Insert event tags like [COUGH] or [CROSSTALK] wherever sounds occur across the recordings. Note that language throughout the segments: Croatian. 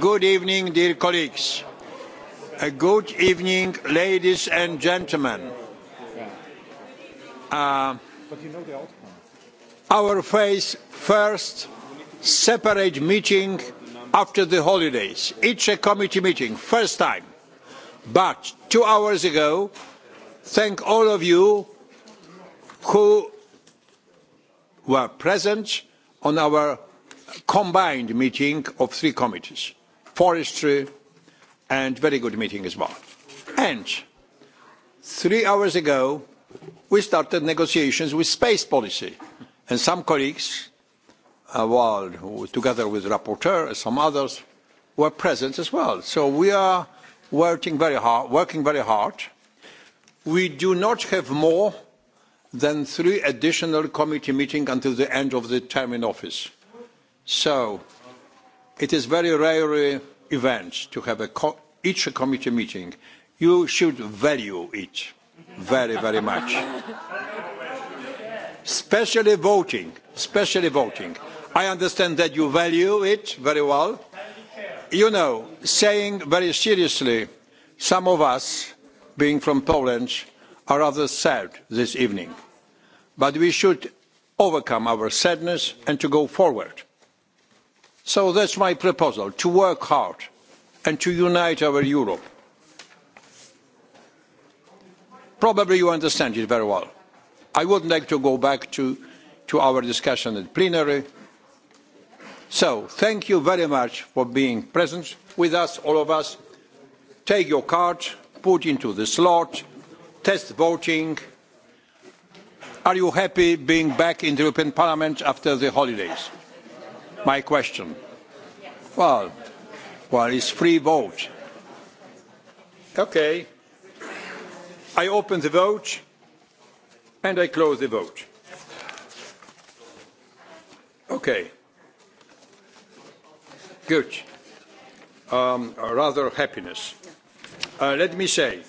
good evening, dear colleagues. A good evening, ladies and gentlemen. Uh, our face first separate meeting after the holidays. It's a committee meeting, first time. But two hours ago, thank all of you who were present on our combined meeting of three committees, forestry and very good meeting as well. And three hours ago, we started negotiations with space policy. And some colleagues, uh, together with the rapporteur and some others, were present as well. So we are working very hard. Working very hard. We do not have more than three additional committee meetings until the end of the term in office. So it is very rare event to have a co each committee meeting. You should value it very, very much. Especially voting, especially voting. I understand that you value it very well. You know, saying very seriously, some of us, being from Poland, are rather sad this evening. But we should overcome our sadness and to go forward So that's my proposal, to work hard and to unite our Europe. Probably you understand it very well. I would like to go back to, to our discussion at plenary. So thank you very much for being present with us, all of us. Take your card, put into the slot, test voting. Are you happy being back in the European Parliament after the holidays? my question. Well, well, it's free vote. Okay. I open the vote and I close the vote. Okay. Good. Um, rather happiness. Uh, let me say,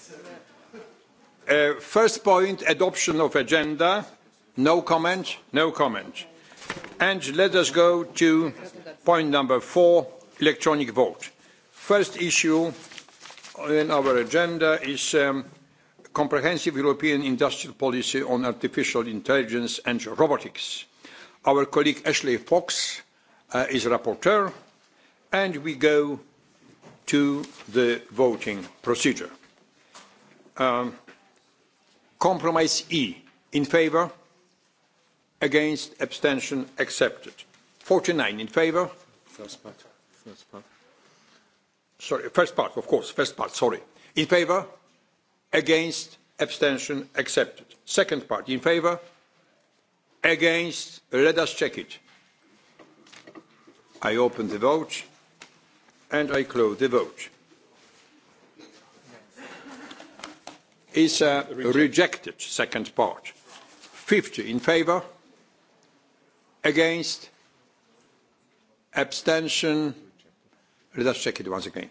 uh, first point, adoption of agenda. No comment, no comment And let us go to point number four, electronic vote. First issue on our agenda is um, comprehensive European industrial policy on artificial intelligence and robotics. Our colleague Ashley Fox uh, is rapporteur, and we go to the voting procedure. Um, compromise E. In favor? against abstention accepted 49 in favor first part first part sorry first part of course first part sorry in favor against abstention accepted second part in favor against let us check it i open the vote and i close the vote is uh, rejected second part 50 in favor against abstention let us check it once again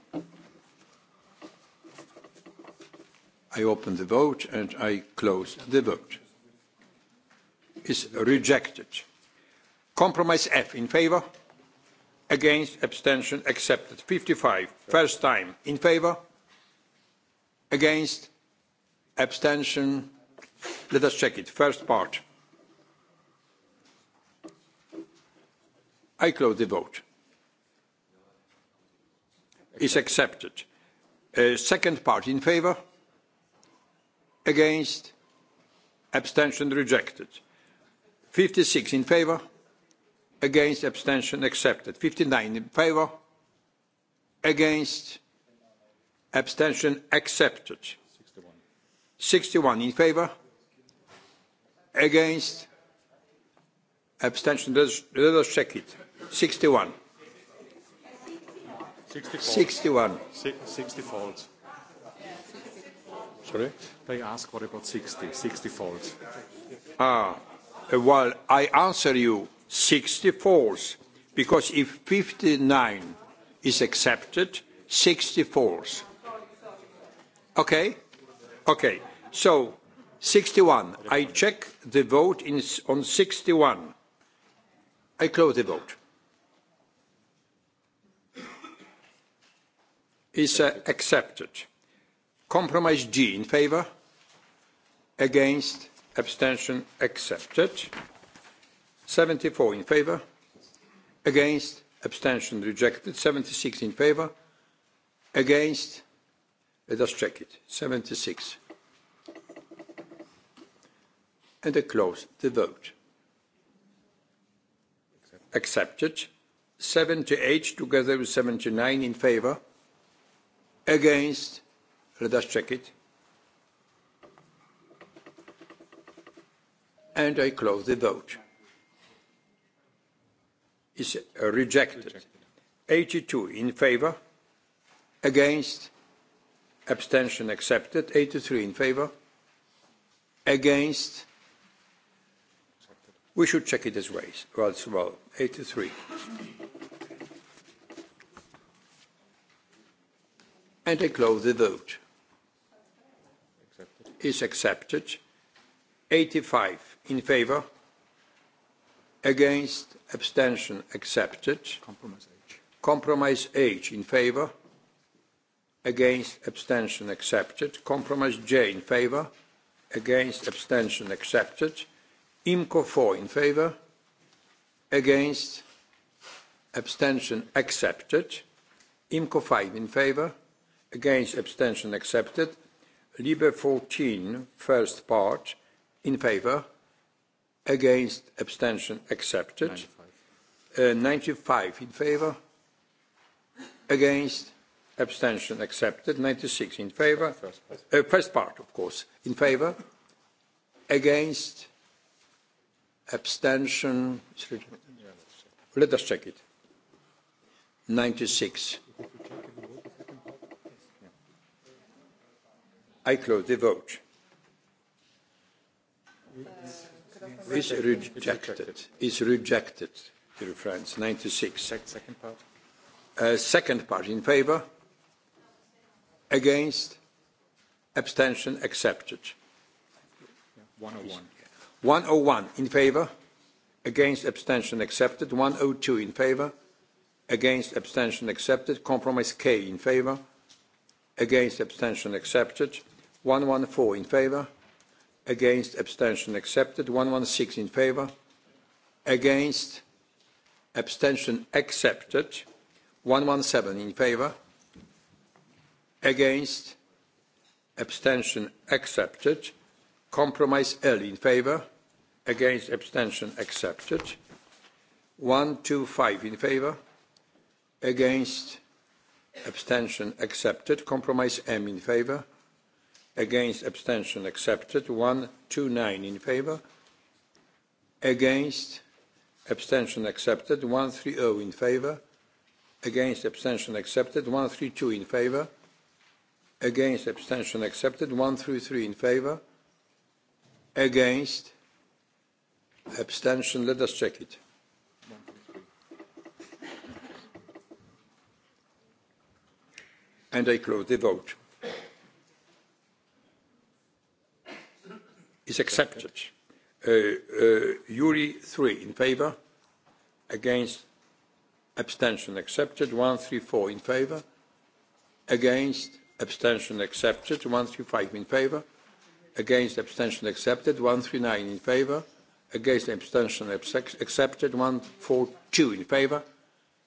i open the vote and i close the vote is rejected compromise f in favor against abstention accepted 55 first time in favor against abstention let us check it first part I close the vote. It's accepted. Uh, second party in favor? Against? Abstention rejected. 56 in favor? Against? Abstention accepted. 59 in favor? Against? Abstention accepted. 61, one in favor? Against? Abstention. let us check it. 61. 60 61. 60 fold. Sorry? They ask what about 60, 60 fold. Ah, uh, well, I answer you 60 falls, because if 59 is accepted, 60 falls. Okay? Okay. So, 61. I check the vote in, on 61. I close the vote. is uh, accepted. Compromise G in favor, against, abstention accepted. 74 in favor, against, abstention rejected. 76 in favor, against, let us check it, 76. And I close the vote. Accepted. 78 together with 79 in favor, against, let us check it. And I close the vote. It's rejected. 82 in favor, against, abstention accepted. 83 in favor, against. We should check it as well. Well, 83. and I close the vote. Accepted. Is accepted. 85 in favor, against, abstention accepted. Compromise H. Compromise H in favor, against, abstention accepted. Compromise J in favor, against, abstention accepted. IMCO 4 in favor, against, abstention accepted. IMCO 5 in favor, against abstention accepted Libre 14 first part in favor against abstention accepted 95, uh, in favor against abstention accepted 96 in favor uh, first, part of course in favor against abstention let us check it 96 I close the vote. It's rejected. Is rejected. Dear friends. 96. Second part. Uh, second part in favor. Against. Abstention accepted. 101. 101 in favor. Against abstention accepted. 102 in favor. Against abstention accepted. Compromise K in favor. Against abstention accepted. 114 in favor, against abstention accepted 116 in favor, against abstention accepted 117 in favor, against abstention accepted compromise early in favor, against abstention accepted 125 in favor, against abstention accepted compromise M in favor against abstention accepted 129 in favor against abstention accepted 130 in favor against abstention accepted 132 in favor against abstention accepted 133 in favor against abstention let us check it and i close the vote is accepted. Uh, uh, Yuri 3 in favor, against, abstention accepted. 134 in favor, against, abstention accepted. five in favor, against, abstention accepted. 139 in favor, against, abstention accepted. 142 in favor,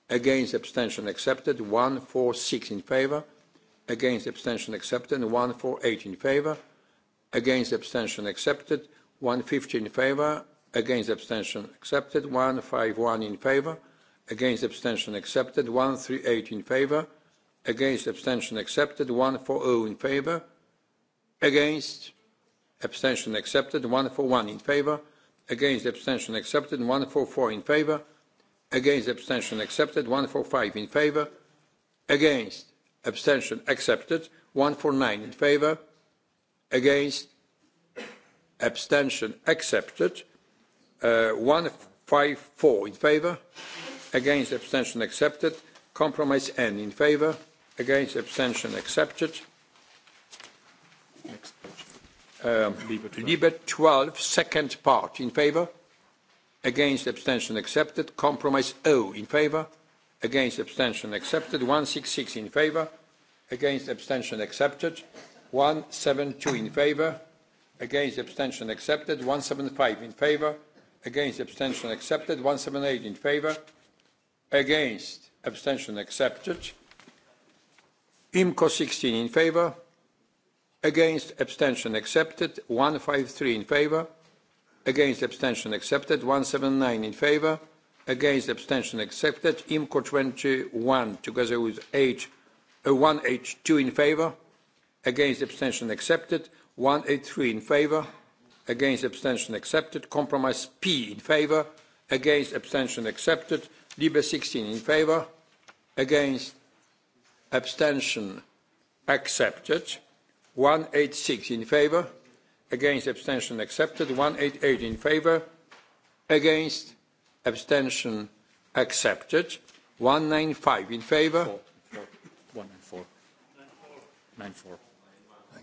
against, abstention accepted. 146 in favor, against, abstention accepted. 148 in favor, against abstention accepted 150 in favor against abstention accepted 151 in favor against abstention accepted 138 in favor against abstention accepted 140 in favor against abstention accepted 141 in favor against abstention accepted 144 in favor against abstention accepted 145 in favor against abstention accepted 149 in favor against abstention accepted uh, 154 in favor against abstention accepted compromise n in favor against abstention accepted um, 12 second part in favor against abstention accepted compromise o in favor against abstention accepted 166 in favor against abstention accepted 172 in favor, against abstention accepted. 175 in favor, against abstention accepted. 178 in favor, against abstention accepted. IMCO 16 in favor, against abstention accepted. 153 in favor, against abstention accepted. 179 in favor, against abstention accepted. IMCO 21 together with H, uh, 1 h in favor against abstention accepted 183 in favor against abstention accepted compromise p in favor against abstention accepted libe 16 in favor against abstention accepted 186 in favor against abstention accepted 188 in favor against abstention accepted 195 in favor 194 94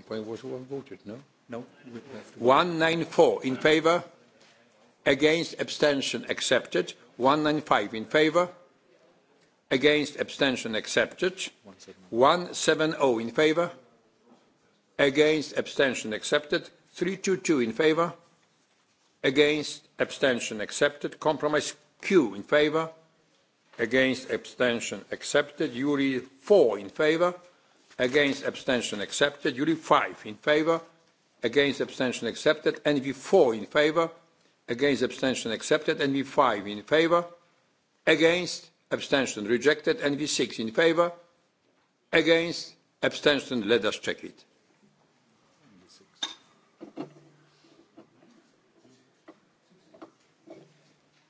point was voted, no? No. 194 in favor, against abstention accepted. 195 in favor, against abstention accepted. 170 in favor, against abstention accepted. 322 in favor, against abstention accepted. Compromise Q in favour? against abstention accepted. Yuri 4 in favour? against abstention accepted URI five in favor against abstention accepted and NV 4 in favor against abstention accepted and NV 5 in favor against abstention rejected and NV 6 in favor against abstention let us check it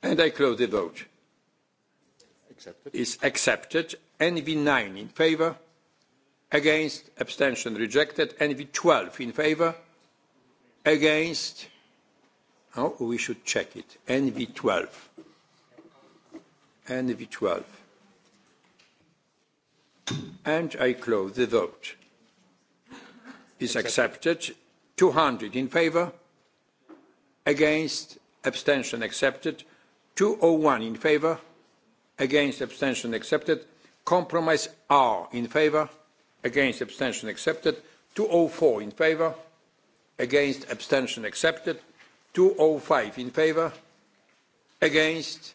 and I close the vote is accepted NV 9 in favor against abstention rejected nv 12 in favor against oh we should check it nv 12 nv 12 and i close the vote is accepted 200 in favor against abstention accepted 201 in favor against abstention accepted compromise r in favor against abstention accepted 204 in favor against abstention accepted 205 in favor against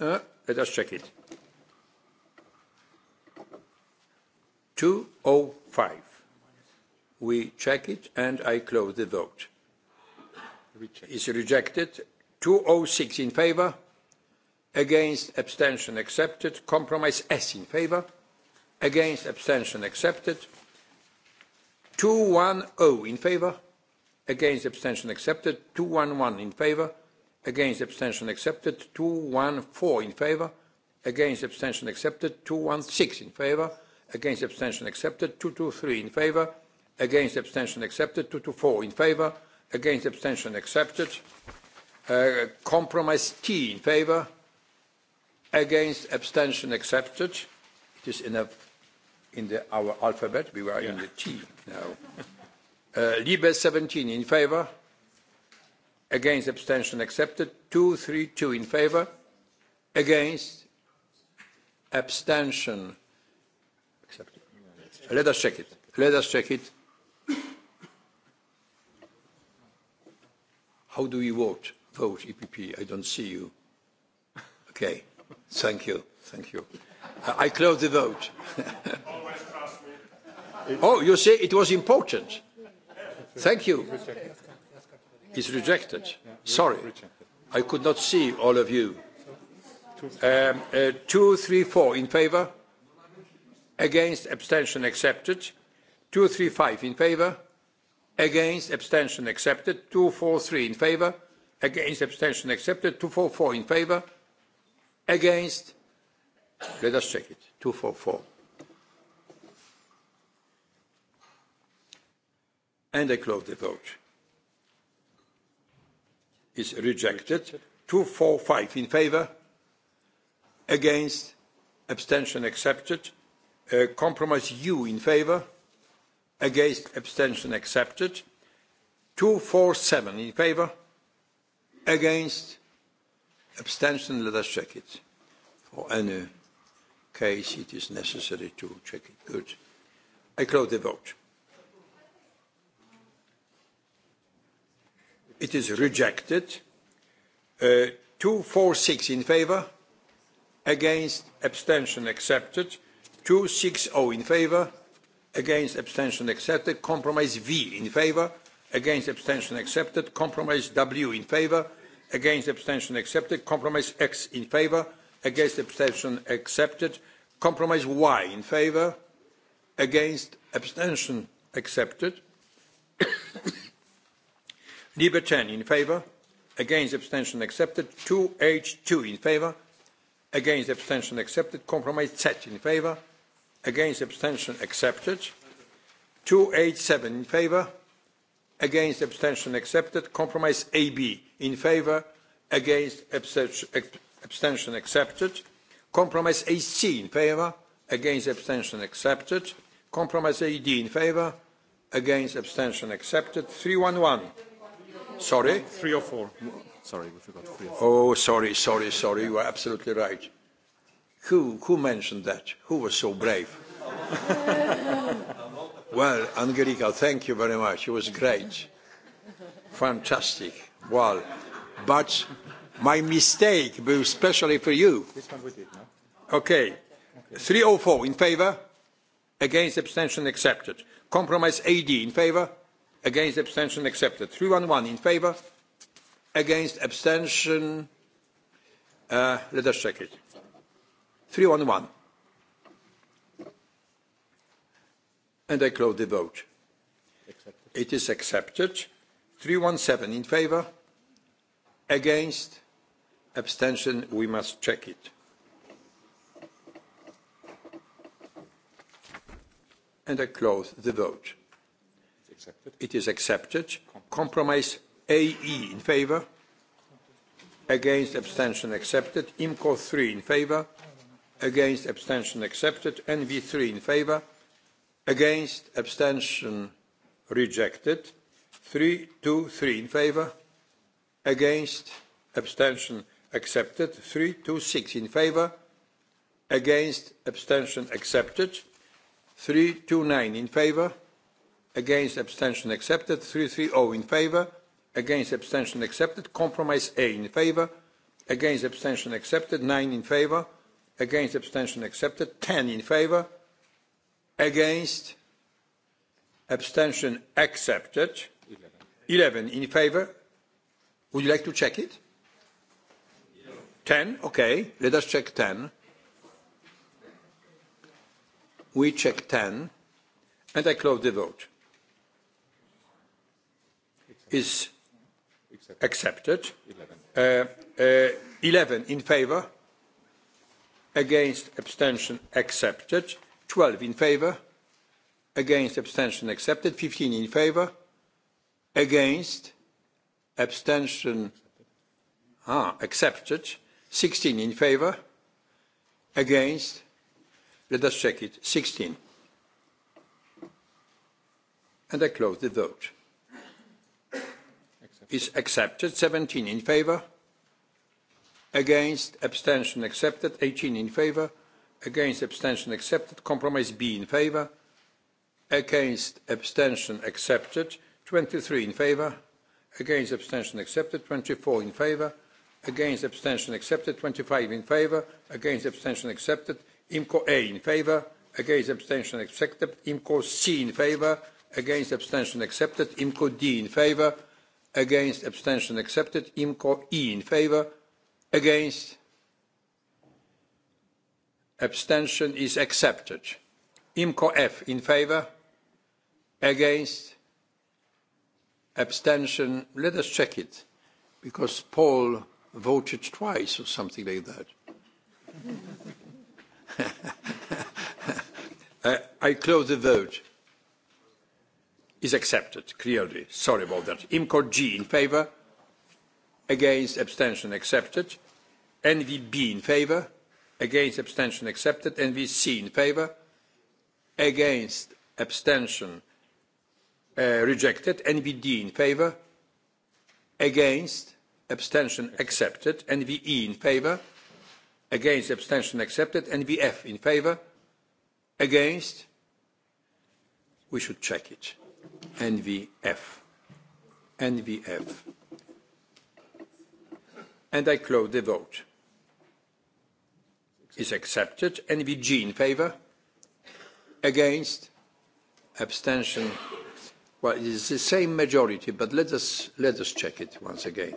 uh, let us check it 205 we check it and i close the vote is rejected 206 in favor against abstention accepted compromise s in favor against abstention accepted 210 in favor against abstention accepted 211 in favor against abstention accepted 214 in favor against abstention accepted 216 in favor against abstention accepted 223 in favor against abstention accepted 224 in favor against abstention accepted uh, compromise t in favor against abstention accepted it is enough in the, our alphabet. We were yeah. in the T now. Uh, Liebe 17 in favor. Against abstention accepted. two in favor. Against abstention accepted. Let us check it. Let us check it. How do we vote? Vote, EPP. I don't see you. Okay. Thank you. Thank you. I close the vote. Oh, you say it was important. Thank you. It's rejected. Sorry. I could not see all of you. Um, uh, two, three, four in favour? Against, abstention accepted. Two, three, five in favour? Against, abstention accepted. Two, four, three in favour? Against, abstention accepted. Two, four, four in favour? Against, Let us check it. 244. And I close the vote. Is rejected. 245 in favor. Against. Abstention accepted. Uh, compromise U in favor. Against. Abstention accepted. 247 in favor. Against. Abstention. Let us check it. For any case it is necessary to check it. Good. I close the vote. It is rejected. Uh, 246 in favor, against, abstention accepted. 260 in favor, against, abstention accepted. Compromise V in favor, against, abstention accepted. Compromise W in favor, against, abstention accepted. Compromise X in favor, against abstention accepted compromise y in favor against abstention accepted [COUGHS] libre 10 in favor against abstention accepted 2h2 in favor against abstention accepted compromise z in favor against abstention accepted twoh7 in favor against abstention accepted compromise ab in favor against abstention accepted compromise ac in favour against abstention accepted compromise ad in favour against abstention accepted 311 sorry 304 sorry we forgot 304 oh sorry sorry sorry you are absolutely right who who mentioned that who was so brave [LAUGHS] well angelica thank you very much it was great fantastic well but My mistake, but especially for you. This one no? Okay. 304 in favor, against abstention accepted. Compromise AD in favor, against abstention accepted. 311 in favor, against abstention. Uh, let us check it. 311. And I close the vote. It is accepted. 317 in favor, against abstention we must check it and i close the vote it is accepted compromise ae in favor against abstention accepted imco 3 in favor against abstention accepted nv3 in favor against abstention rejected 3, 2, 3 in favor against abstention accepted. Three six in favor. Against. Abstention accepted. Three nine in favor. Against. Abstention accepted. Three three oh in favor. Against. Abstention accepted. Compromise A in favor. Against. Abstention accepted. Nine in favor. Against. Abstention accepted. Ten in favor. Against. Abstention accepted. 11 in favor. Would you like to check it? 10? Okay. Let us check 10. We check 10, and I close the vote. Is accepted. 11. Uh, uh, 11 in favor. Against abstention accepted. 12 in favor. Against abstention accepted. 15 in favor. Against abstention ah, accepted. 16 in favor, against, let us check it, 16. And I close the vote. Accepted. Is accepted, 17 in favor, against, abstention accepted, 18 in favor, against, abstention accepted, compromise B in favor, against, abstention accepted, 23 in favor, against, abstention accepted, 24 in favor, against abstention accepted 25 in favor against abstention accepted imco a in favor against abstention accepted imco c in favor against abstention accepted imco d in favor against abstention accepted imco e in favor against abstention is accepted imco f in favor against abstention let us check it because paul voted twice or something like that. [LAUGHS] I close the vote. Is accepted, clearly. Sorry about that. IMCO G in favor. Against abstention accepted. NVB in favor. Against abstention accepted. NVC in favor. Against abstention uh, rejected. NVD in favor. Against abstention accepted nve in favor against abstention accepted nvf in favor against we should check it nvf nvf and i close the vote is accepted nvg in favor against abstention well it is the same majority but let us let us check it once again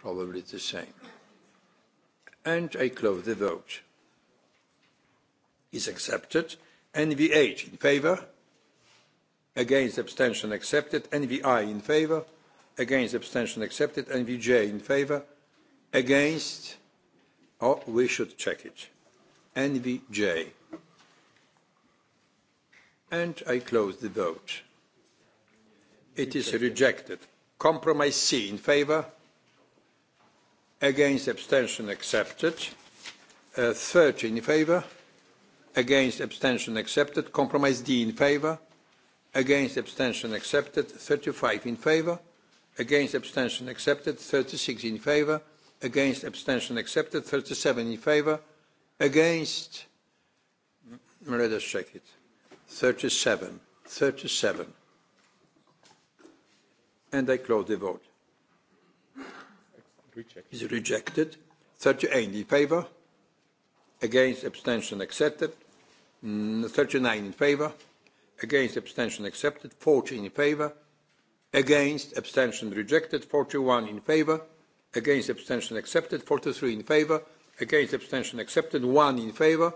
Probably the same. And I close the vote. Is accepted. NVH in favor. Against abstention accepted. NVI in favor. Against abstention accepted. NVJ in favor. Against. Oh, we should check it. NVJ. And I close the vote. It is rejected. Compromise C in favor against abstention accepted uh, 30 in favor against abstention accepted compromise d in favor against abstention accepted 35 in favor against abstention accepted 36 in favor against abstention accepted 37 in favor against let us check it 37 37 and i close the vote Is rejected. 38 in favor. Against abstention accepted. 39 mm, in favor. Against abstention accepted. 40 in favor. Against abstention rejected. 41 in favor. Against abstention accepted. 43 in favor. Against abstention accepted. 1 in favor.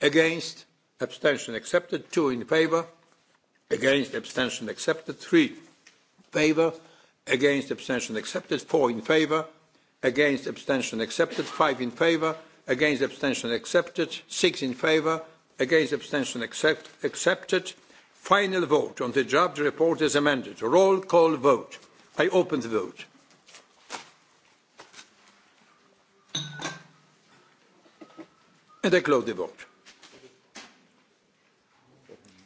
Against abstention accepted. 2 in favor. Against abstention accepted. 3 favor. Against abstention accepted. 4 in favor against abstention accepted five in favor against abstention accepted six in favor against abstention accept, accepted final vote on the draft report is amended roll call vote i open the vote and i close the vote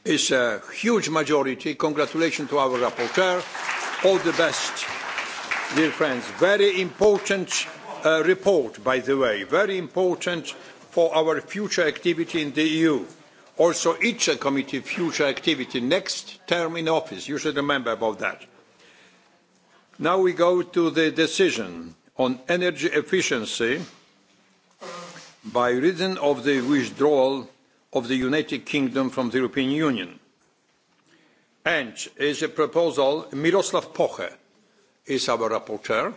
it's a huge majority congratulations to our rapporteur all the best Dear friends, very important uh, report, by the way, very important for our future activity in the EU. Also, each committee future activity, next term in office. You should remember about that. Now we go to the decision on energy efficiency by reason of the withdrawal of the United Kingdom from the European Union. And is a proposal Miroslav Poche is our rapporteur,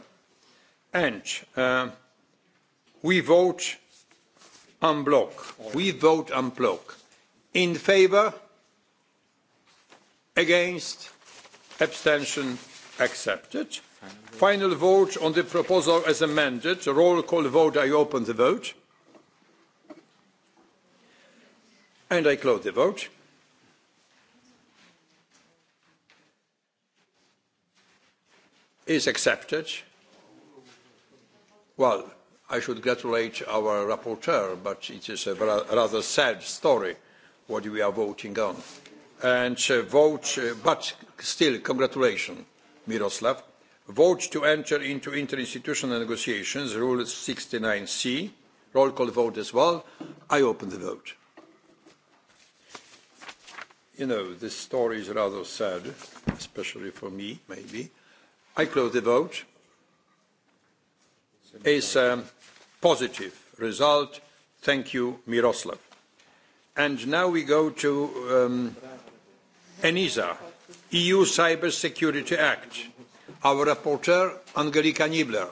and uh, we vote en bloc. We vote en bloc. In favor, against, abstention accepted. Final vote on the proposal as amended. A roll call vote. I open the vote. And I close the vote. is accepted. Well, I should congratulate our rapporteur, but it is a rather sad story what we are voting on. And uh, vote, uh, but still, congratulations, Miroslav. Vote to enter into interinstitutional negotiations, Rule 69C. Roll call vote as well. I open the vote. You know, this story is rather sad, especially for me, maybe i close the vote. It's a positive result. Thank you, Miroslav. And now we go to um, ENISA, EU Cyber Security Act. Our rapporteur, Angelika Niebler,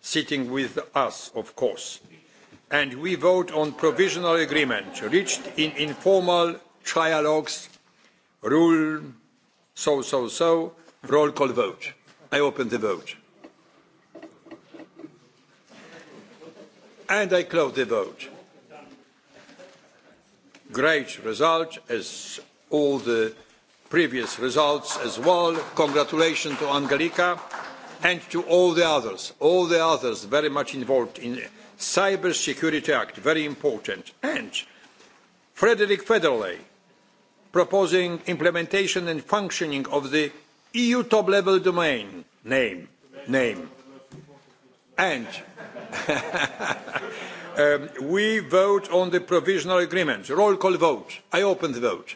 sitting with us, of course. And we vote on provisional agreement reached in informal trialogues, rule so, so, so, Roll call vote. I open the vote. And I close the vote. Great result, as all the previous results as well. Congratulations to Angelica and to all the others, all the others very much involved in Cyber Security Act, very important. And Frederick Federley proposing implementation and functioning of the EU top level domain name name and [LAUGHS] um, we vote on the provisional agreement. Roll call vote. I open the vote.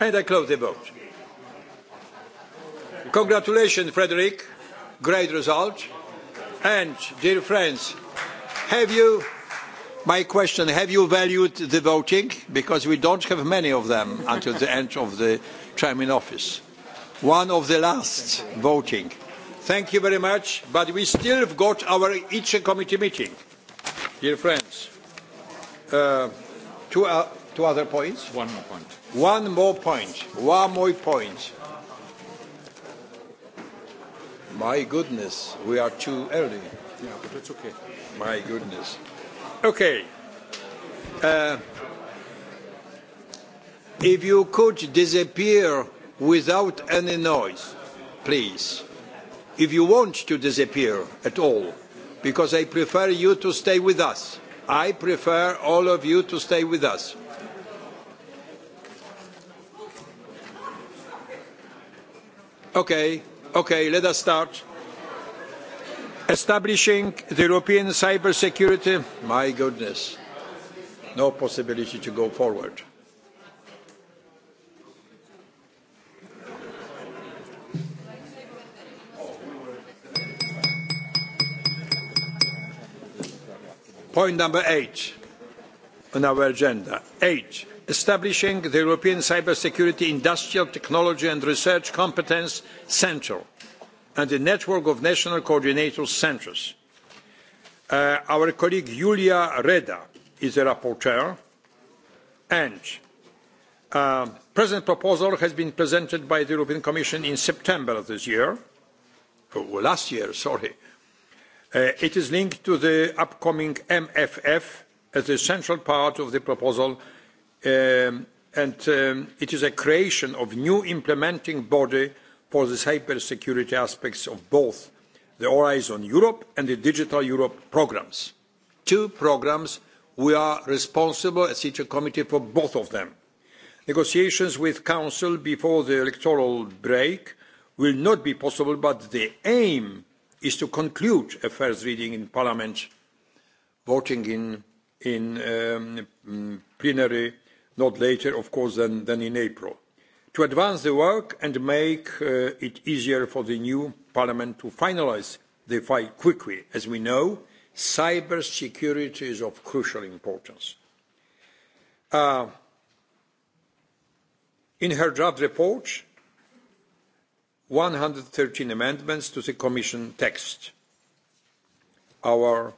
And I close the vote. Congratulations, Frederick. Great result. And, dear friends, have you My question, have you valued the voting? Because we don't have many of them until the end of the term in office. One of the last voting. Thank you very much, but we still have got our each committee meeting. Dear friends, uh, uh, two, other points? One more point. One more point. One more point. My goodness, we are too early. but it's okay. My goodness. Okay. Uh, if you could disappear without any noise, please. If you want to disappear at all, because I prefer you to stay with us. I prefer all of you to stay with us. Okay, okay, let us start establishing the European cybersecurity, my goodness, no possibility to go forward. Point number eight on our agenda. Eight, establishing the European Cybersecurity Industrial Technology and Research Competence Central and a network of national coordinator centres. Uh, our colleague Julia Reda is the rapporteur and the um, present proposal has been presented by the European Commission in September of this year, oh, last year, sorry. Uh, it is linked to the upcoming MFF as a central part of the proposal um, and um, it is a creation of new implementing body the cybersecurity aspects of both the Horizon Europe and the Digital Europe programmes. Two programmes, we are responsible as a committee for both of them. Negotiations with Council before the electoral break will not be possible, but the aim is to conclude a first reading in Parliament, voting in, in um, mm, plenary not later, of course, than in April to advance the work and make uh, it easier for the new parliament to finalise the file quickly. As we know, cyber security is of crucial importance. Uh, in her draft report, 113 amendments to the Commission text. Our,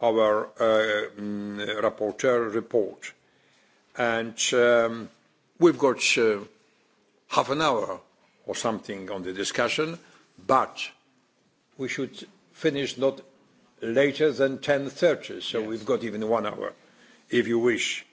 our uh, mm, rapporteur report. And um, we've got uh, half an hour or something on the discussion, but we should finish not later than 10.30, so yes. we've got even one hour, if you wish.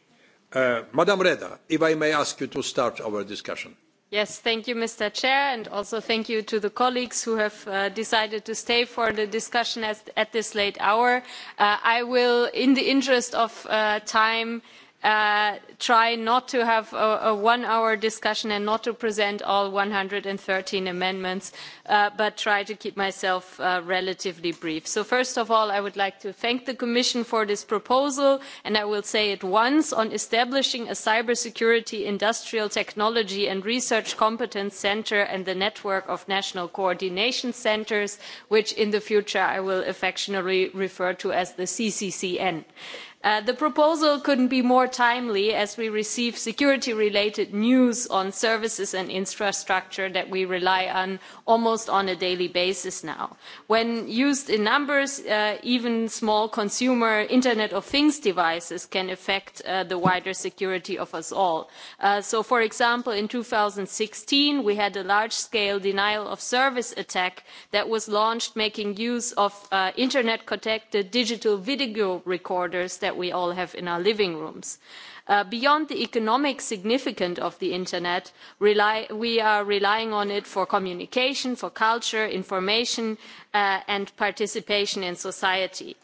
Uh, Madam Reda, if I may ask you to start our discussion. Yes, thank you, Mr. Chair, and also thank you to the colleagues who have uh, decided to stay for the discussion at, at this late hour. Uh, I will, in the interest of uh, time, uh, try not to have a, one hour discussion and not to present all 113 amendments, uh, but try to keep myself uh, relatively brief. So first of all, I would like to thank the Commission for this proposal, and I will say it once, on establishing a cybersecurity industrial technology and research competence centre and the network of national coordination centres, which in the future I will affectionately refer to as the CCCN. Uh, the proposal couldn't be more timely as we receive security related news on services and infrastructure that we rely on almost on a daily basis now. when used in numbers uh, even small consumer internet of things devices can affect uh, the wider security of us all. so for example in two thousand and sixteen we had a large scale denial of service attack that was launched making use of internet connected digital video recorders that we all have in our living rooms. Uh, beyond the economic significance of the internet we are relying on it for communication for culture information uh, and participation in society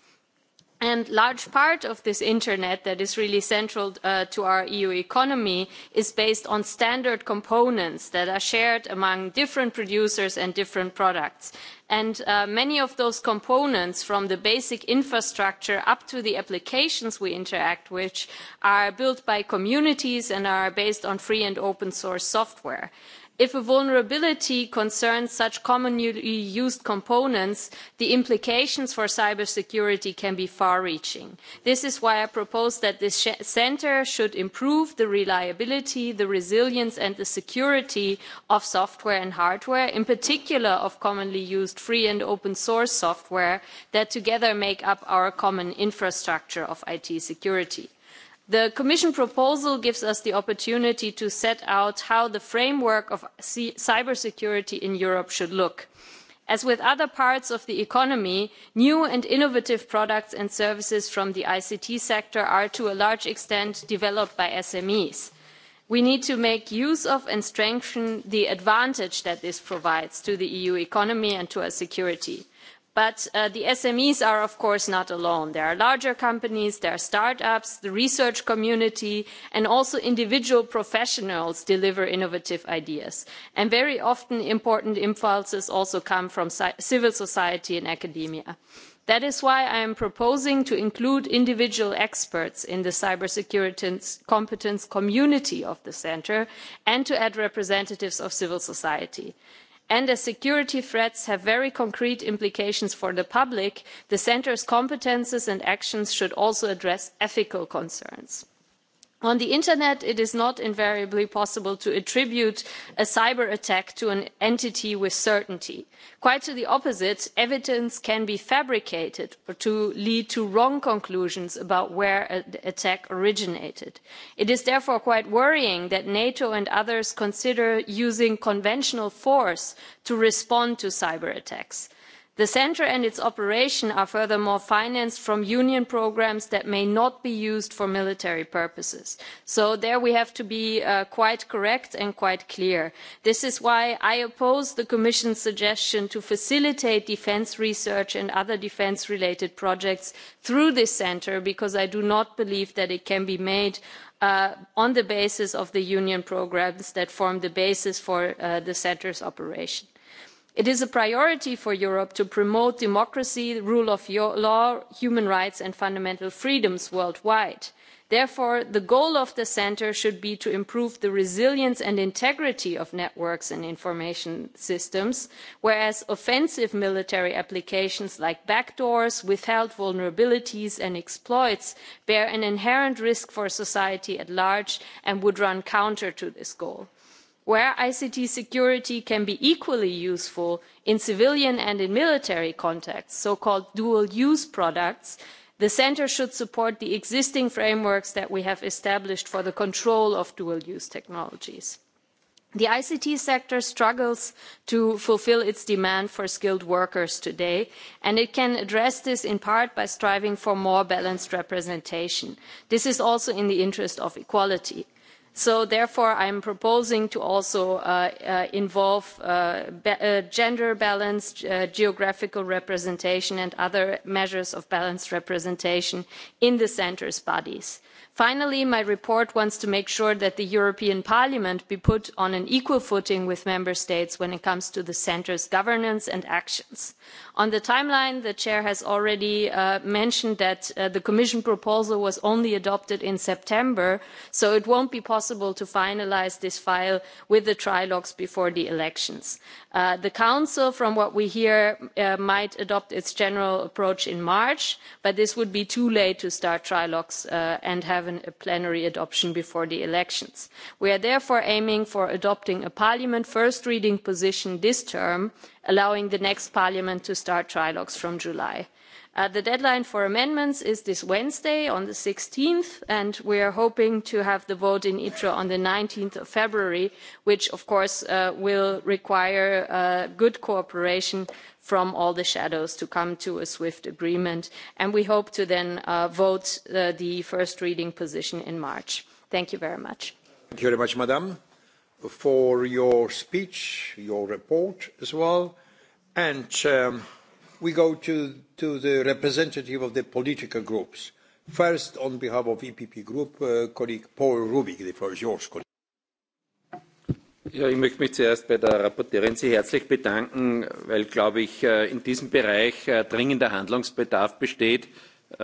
and large part of this internet that is really central uh, to our eu economy is based on standard components that are shared among different producers and different products and uh, many of those components from the basic infrastructure up to the applications we interact with are built by communities and are based on free and open source software if a vulnerability concerns such commonly used components the implications for cybersecurity can be far reaching. this is why i propose that this centre should improve the reliability the resilience and the security of software and hardware in particular of commonly used free and open source software that together make up our common infrastructure of it security the commission proposal gives us the opportunity to set out how the framework of cybersecurity in europe should look. as with other parts of the economy new and innovative products and services from the ict sector are to a large extent developed by smes. we need to make use of and strengthen the advantage that this provides to the eu economy and to our security but uh, the smes are of course not alone there are larger companies there are start ups the research community and also individual professionals deliver innovative ideas and very often important impulses also come from civil society and academia. that is why i am proposing to include individual experts in the cybersecurity competence community of the centre and to add representatives of civil society and as security threats have very concrete implications for the public the centre's competences and actions should also address ethical concerns on the internet it is not invariably possible to attribute a cyber attack to an entity with certainty quite to the opposite evidence can be fabricated to lead to wrong conclusions about where an attack originated. it is therefore quite worrying that nato and others consider using conventional force to respond to cyber attacks the centre and its operation are furthermore financed from union programmes that may not be used for military purposes so there we have to be uh, quite correct and quite clear. this is why i oppose the commission's suggestion to facilitate defence research and other defence related projects through this centre because i do not believe that it can be made uh, on the basis of the union programmes that form the basis for uh, the centre's operation it is a priority for europe to promote democracy the rule of law human rights and fundamental freedoms worldwide. therefore the goal of the centre should be to improve the resilience and integrity of networks and information systems whereas offensive military applications like backdoors withheld vulnerabilities and exploits bear an inherent risk for society at large and would run counter to this goal where ict security can be equally useful in civilian and in military contexts so called dual use products the centre should support the existing frameworks that we have established for the control of dual use technologies. the ict sector struggles to fulfil its demand for skilled workers today and it can address this in part by striving for more balanced representation. this is also in the interest of equality so therefore i am proposing to also uh, uh, involve uh, gender balance geographical representation and other measures of balanced representation in the centres bodies finally my report wants to make sure that the european parliament be put on an equal footing with member states when it comes to the centre's governance and actions. on the timeline the chair has already uh, mentioned that uh, the commission proposal was only adopted in september so it won't be possible to finalise this file with the trilogues before the elections. Uh, the council from what we hear uh, might adopt its general approach in march but this would be too late to start trilogues uh, and have a plenary adoption before the elections. we are therefore aiming for adopting a parliament first reading position this term allowing the next parliament to start trilogues from july. Uh, the deadline for amendments is this Wednesday on the 16th, and we are hoping to have the vote in ITRA on the 19 of February, which of course uh, will require uh, good cooperation from all the shadows to come to a swift agreement. And we hope to then vote the first reading position in March. Thank you very much. Thank you very much, Madam, for your speech, your report as well. And... Um, we go to, to the representative of the political groups. First, on behalf of EPP Group, uh, colleague Paul Rubik, the floor is yours. Colleague. Ja, ich möchte mich zuerst bei der Rapporteurin sehr herzlich bedanken, weil, glaube ich, äh, in diesem Bereich äh, dringender Handlungsbedarf besteht. Äh,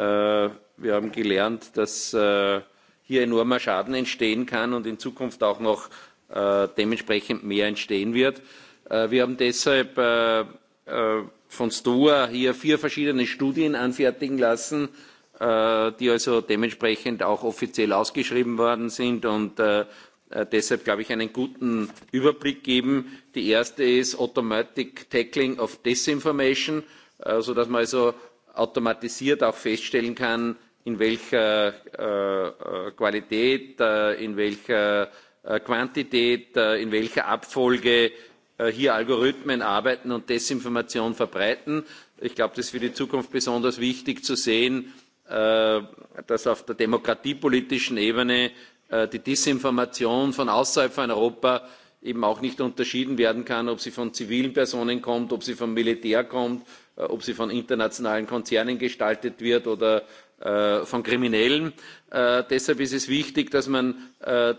wir haben gelernt, dass hier enormer Schaden entstehen kann und in Zukunft auch noch dementsprechend mehr entstehen wird. Wir haben deshalb von stoa hier vier verschiedene studien anfertigen lassen äh, die also dementsprechend auch offiziell ausgeschrieben worden sind und äh, äh, deshalb glaube ich einen guten überblick geben. die erste ist automatic tackling of disinformation sodass man also automatisiert auch feststellen kann in welcher qualität in welcher quantität in welcher abfolge Äh, hier Algorithmen arbeiten und Desinformation verbreiten. Ich glaube, es ist für die Zukunft besonders wichtig zu sehen, äh, dass auf der demokratiepolitischen Ebene äh, die Desinformation von außerhalb von Europa eben auch nicht unterschieden werden kann, ob sie von zivilen Personen kommt, ob sie vom Militär kommt, ob sie von internationalen Konzernen gestaltet wird oder von Kriminellen. deshalb ist es wichtig, dass man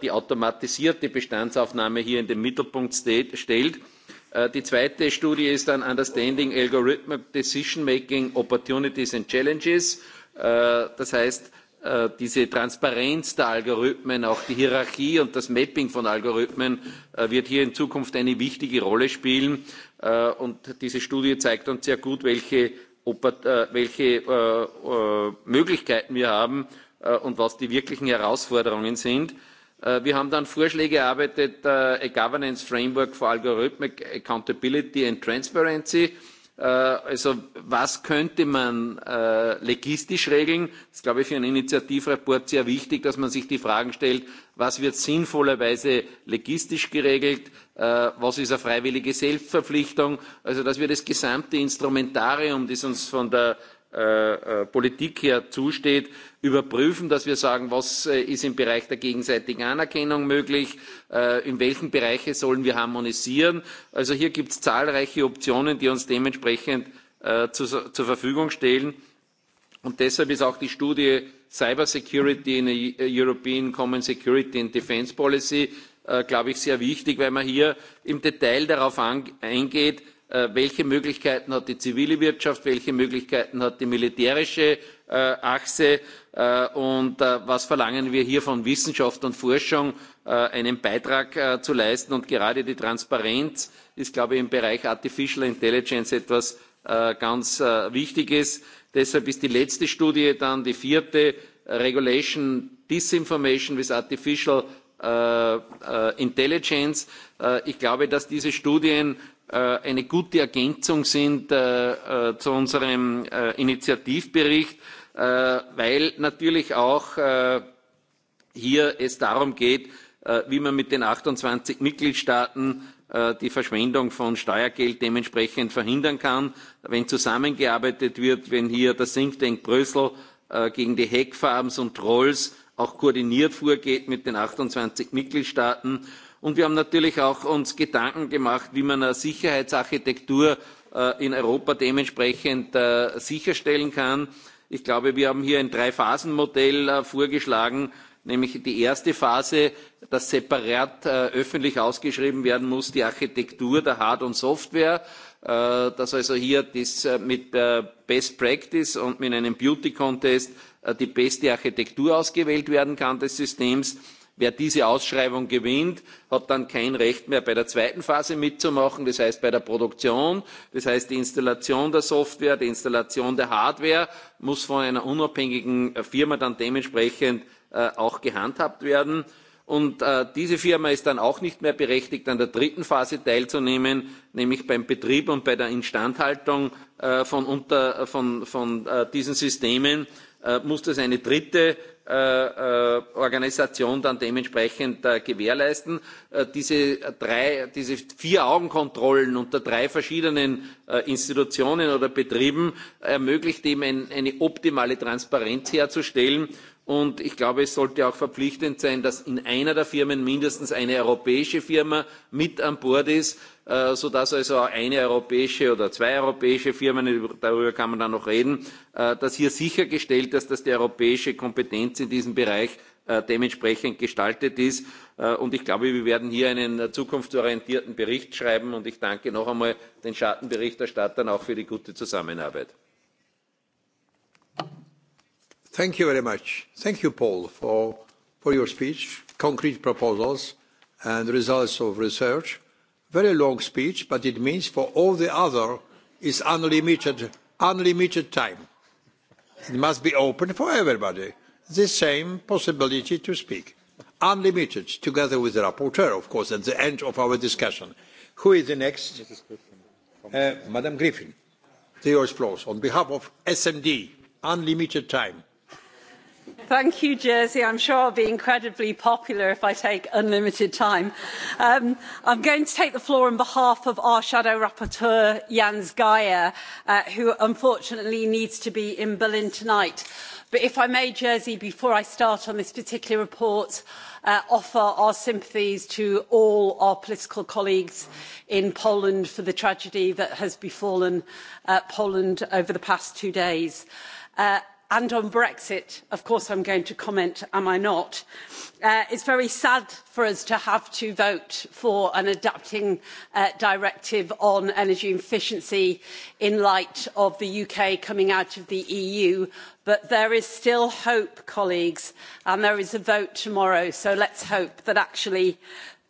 die automatisierte Bestandsaufnahme hier in den Mittelpunkt stellt. Äh, die zweite Studie ist dann Understanding Algorithmic Decision Making Opportunities and Challenges. Äh, das heißt, äh, diese Transparenz der Algorithmen, auch die Hierarchie und das Mapping von Algorithmen wird hier in Zukunft eine wichtige Rolle spielen. Und diese Studie zeigt uns sehr gut, welche, welche Möglichkeiten wir haben und was die wirklichen Herausforderungen sind. Äh, wir haben dann vorschläge erarbeitet äh, a governance framework for algorithmic accountability and transparency äh, also was könnte man legistisch regeln? das ist glaube für einen initiativreport sehr wichtig dass man sich die fragen stellt was wird sinnvollerweise legistisch geregelt was ist eine freiwillige selbstverpflichtung? also dass wir das gesamte instrumentarium das uns von der Äh, äh, Politik hier zusteht, überprüfen, dass wir sagen, was äh, ist im Bereich der gegenseitigen Anerkennung möglich, in welchen Bereichen sollen wir harmonisieren. Also hier gibt es zahlreiche Optionen, die uns dementsprechend zur Verfügung stellen. Und deshalb ist auch die Studie Cyber Security in a e, European Common Security and Defence Policy, glaube ich, sehr wichtig, weil man hier im Detail darauf eingeht, Äh, welche möglichkeiten hat die zivile wirtschaft welche möglichkeiten hat die militärische äh, achse äh, und was verlangen wir hier von wissenschaft und forschung einen beitrag zu leisten. und gerade die transparenz ist glaube ich im bereich artificial intelligence etwas ganz wichtiges. deshalb ist die letzte studie dann die vierte regulation disinformation with artificial intelligence ich glaube dass diese studien Äh, eine gute Ergänzung sind äh, äh, zu unserem Initiativbericht, weil natürlich auch hier es darum geht, wie man mit den 28 Mitgliedstaaten die Verschwendung von Steuergeld dementsprechend verhindern kann, wenn zusammengearbeitet wird, wenn hier das Think Tank Brüssel gegen die Heckfarbens und Trolls auch koordiniert vorgeht mit den 28 Mitgliedstaaten und wir haben uns natürlich auch uns gedanken gemacht wie man eine sicherheitsarchitektur äh, in europa dementsprechend äh, sicherstellen kann. ich glaube wir haben hier ein drei phasen modell äh, vorgeschlagen nämlich die erste phase dass separat öffentlich ausgeschrieben werden muss die architektur der hard und software dass also hier das mit best practice und mit einem beauty contest die beste architektur ausgewählt werden kann des systems wer diese ausschreibung gewinnt hat dann kein recht mehr bei der zweiten phase mitzumachen das heißt bei der produktion das heißt die installation der software die installation der hardware muss von einer unabhängigen firma dann dementsprechend äh, auch gehandhabt werden und äh, diese firma ist dann auch nicht mehr berechtigt an der dritten phase teilzunehmen nämlich beim betrieb und bei der instandhaltung äh, von, unter, von, von diesen systemen. Äh, muss das eine dritte äh, äh, Organisation dann dementsprechend gewährleisten. Diese, drei, diese vier Augenkontrollen unter drei verschiedenen Institutionen oder Betrieben ermöglicht eben eine optimale Transparenz herzustellen Und ich glaube, es sollte auch verpflichtend sein, dass in einer der Firmen mindestens eine europäische Firma mit an Bord ist, äh, sodass also eine europäische oder zwei europäische Firmen, darüber kann man dann noch reden, äh, dass hier sichergestellt ist, dass die europäische Kompetenz in diesem Bereich äh, dementsprechend gestaltet ist. Und ich glaube, wir werden hier einen zukunftsorientierten Bericht schreiben. Und ich danke noch einmal den Schattenberichterstattern auch für die gute Zusammenarbeit. Thank you very much. Thank you, Paul, for, for your speech, concrete proposals and results of research. Very long speech, but it means for all the other is unlimited, unlimited time. It must be open for everybody. The same possibility to speak. Unlimited, together with the rapporteur, of course, at the end of our discussion. Who is the next? Uh, Madam Griffin. The yours on behalf of SMD. Unlimited time. Thank you, Jersey. I'm sure I'll be incredibly popular if I take unlimited time. Um, I'm going to take the floor on behalf of our shadow rapporteur, Jans Geier, uh, who unfortunately needs to be in Berlin tonight. But if I may, Jersey, before I start on this particular report, uh, offer our sympathies to all our political colleagues in Poland for the tragedy that has befallen uh, Poland over the past two days. Uh, and on brexit of course i'm going to comment am i not? Uh, it's very sad for us to have to vote for an adapting uh, directive on energy efficiency in light of the uk coming out of the eu but there is still hope colleagues and there is a vote tomorrow so let's hope that actually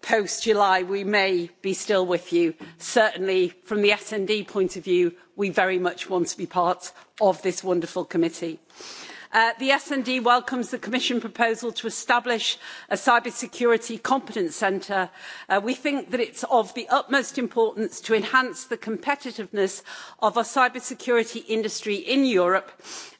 post july we may be still with you. certainly from the D point of view we very much want to be part of this wonderful committee. Uh, the sd welcomes the commission proposal to establish a cybersecurity competence centre. Uh, we think that it's of the utmost importance to enhance the competitiveness of our cybersecurity industry in europe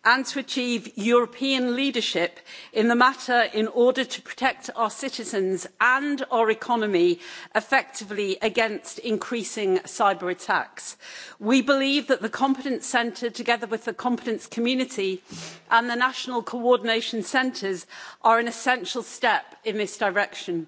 and to achieve european leadership in the matter in order to protect our citizens and our economy effectively against increasing cyber attacks. we believe that the competence centre together with the competence community and the national coordination centres are an essential step in this direction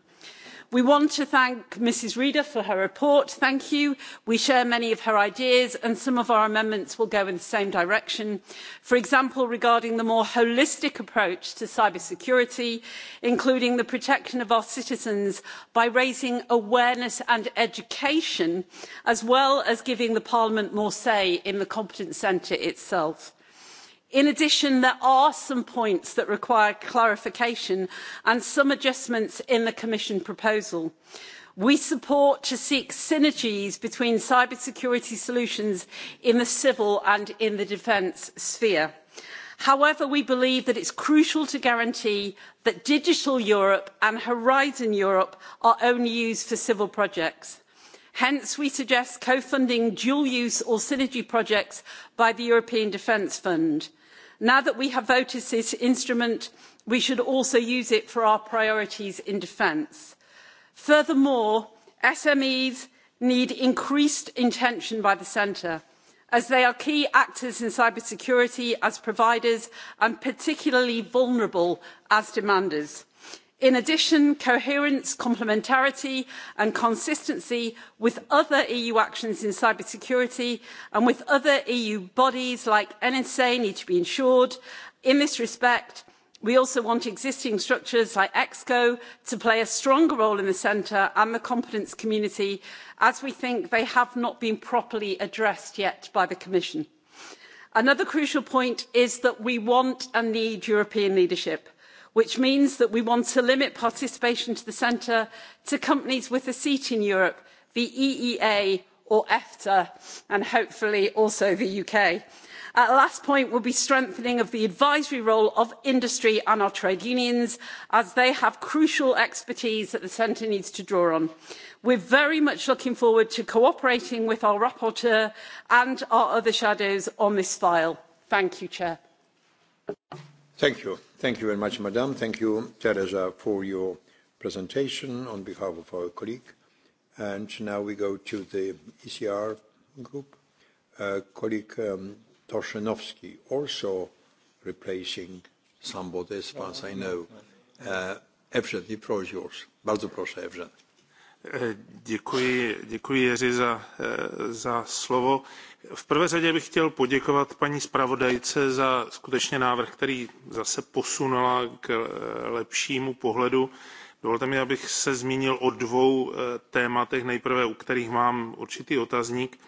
we want to thank ms reda for her report thank you. we share many of her ideas and some of our amendments will go in the same direction for example regarding the more holistic approach to cybersecurity including the protection of our citizens by raising awareness and education as well as giving parliament more say in the competence centre itself in addition there are some points that require clarification and some adjustments in the commission proposal. we support to seek synergies between cybersecurity solutions in the civil and in the defence sphere. however we believe that it is crucial to guarantee that digital europe and horizon europe are only used for civil projects hence we suggest co funding dual use or synergy projects by the european defence fund now that we have voted this instrument we should also use it for our priorities in defence. furthermore smes need increased intention by the centre as they are key actors in cybersecurity as providers and particularly vulnerable as demanders in addition coherence complementarity and consistency with other eu actions in cybersecurity and with other eu bodies like nsa need to be ensured. in this respect we also want existing structures like exco to play a stronger role in the centre and the competence community as we think they have not been properly addressed yet by the commission. another crucial point is that we want and need european leadership which means that we want to limit participation to the centre to companies with a seat in europe the eea or efta and hopefully also the uk. our last point will be strengthening of the advisory role of industry and our trade unions as they have crucial expertise that the centre needs to draw on. we're very much looking forward to cooperating with our rapporteur and our other shadows on this file. thank you chair. Thank you. Thank you very much, Madam. Thank you, Teresa, for your presentation on behalf of our colleague. And now we go to the ECR group. Uh, colleague um, also replacing somebody as far as I know. Uh, Evgen, the floor is yours. Bardzo proszę, Děkuji, děkuji Jeři za, eh, za slovo. V prvé řadě bych chtěl poděkovat paní zpravodajce za skutečně návrh, který zase posunula k eh, lepšímu pohledu. Dovolte mi, abych se zmínil o dvou eh, tématech, nejprve u kterých mám určitý otazník.